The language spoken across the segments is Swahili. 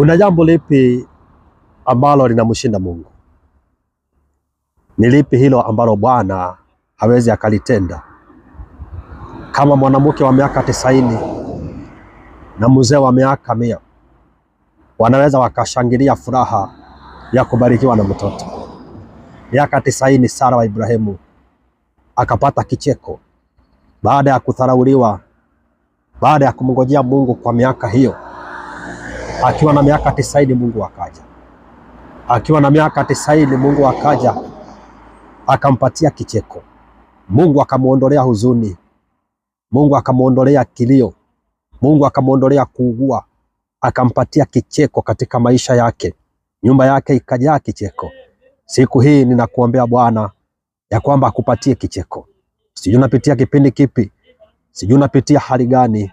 Kuna jambo lipi ambalo linamshinda Mungu? Ni lipi hilo ambalo Bwana hawezi akalitenda? Kama mwanamke wa miaka tisaini na mzee wa miaka mia wanaweza wakashangilia furaha ya kubarikiwa na mtoto. Miaka tisaini Sara wa Ibrahimu akapata kicheko baada ya kudharauliwa, baada ya kumngojea Mungu kwa miaka hiyo. Akiwa na miaka tisaini Mungu akaja, akiwa na miaka tisaini Mungu akaja akampatia kicheko, Mungu akamwondolea huzuni, Mungu akamwondolea kilio, Mungu akamwondolea kuugua, akampatia kicheko katika maisha yake, nyumba yake ikajaa kicheko. Siku hii ninakuombea Bwana ya kwamba akupatie kicheko. Sijui unapitia kipindi kipi, sijui unapitia hali gani,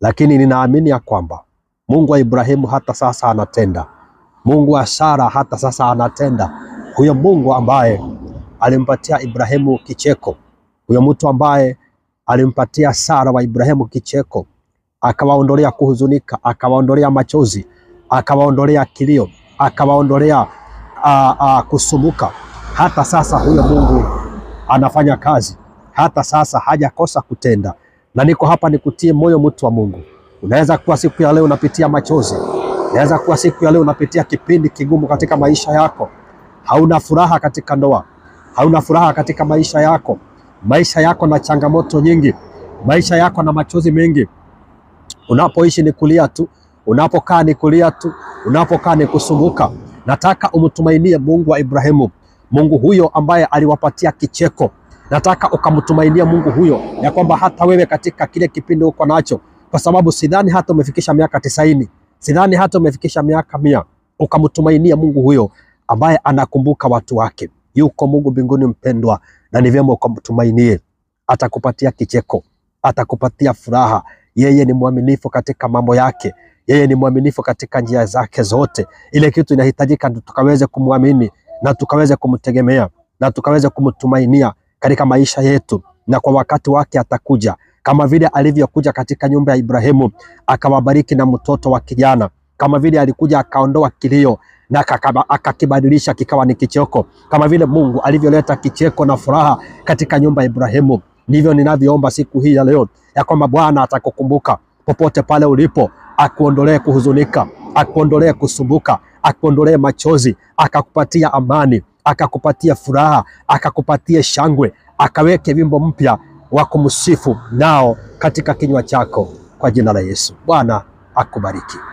lakini ninaamini ya kwamba Mungu wa Ibrahimu hata sasa anatenda, Mungu wa Sara hata sasa anatenda. Huyo Mungu ambaye alimpatia Ibrahimu kicheko, huyo mtu ambaye alimpatia Sara wa Ibrahimu kicheko, akawaondolea kuhuzunika, akawaondolea machozi, akawaondolea kilio, akawaondolea kusumbuka. Hata sasa huyo Mungu anafanya kazi, hata sasa hajakosa kutenda, na niko hapa nikutie moyo, mtu wa Mungu. Unaweza kuwa siku ya leo unapitia machozi, unaweza kuwa siku ya leo unapitia kipindi kigumu katika maisha yako, hauna furaha katika ndoa, hauna furaha katika maisha yako, maisha yako na changamoto nyingi, maisha yako na machozi mengi. Unapoishi ni kulia tu, unapokaa ni kulia tu, unapokaa ni kusumbuka. Nataka umtumainie Mungu wa Ibrahimu, Mungu huyo ambaye aliwapatia kicheko. Nataka ukamtumainia Mungu huyo ya kwamba hata wewe katika kile kipindi uko nacho kwa sababu sidhani hata umefikisha miaka tisaini, sidhani hata umefikisha miaka mia ukamtumainia Mungu huyo ambaye anakumbuka watu wake. Yuko Mungu mbinguni mpendwa, na ni vyema ukamtumainie. Atakupatia kicheko, atakupatia furaha. Yeye ni mwaminifu katika mambo yake, yeye ni mwaminifu katika njia zake zote. Ile kitu inahitajika tukaweze kumwamini na tukaweze kumtegemea na tukaweze kumtumainia katika maisha yetu, na kwa wakati wake atakuja kama vile alivyokuja katika nyumba ya Ibrahimu akawabariki na mtoto wa kijana, kama vile alikuja akaondoa kilio na akakibadilisha kikawa ni kicheko, kama vile Mungu alivyoleta kicheko na furaha katika nyumba ya Ibrahimu, ndivyo ninavyoomba siku hii ya leo ya kwamba Bwana atakukumbuka popote pale ulipo, akuondolee kuhuzunika, akuondolee kusumbuka, akuondolee machozi, akakupatia amani, akakupatia furaha, akakupatia shangwe, akaweke wimbo mpya wa kumsifu nao katika kinywa chako, kwa jina la Yesu. Bwana akubariki.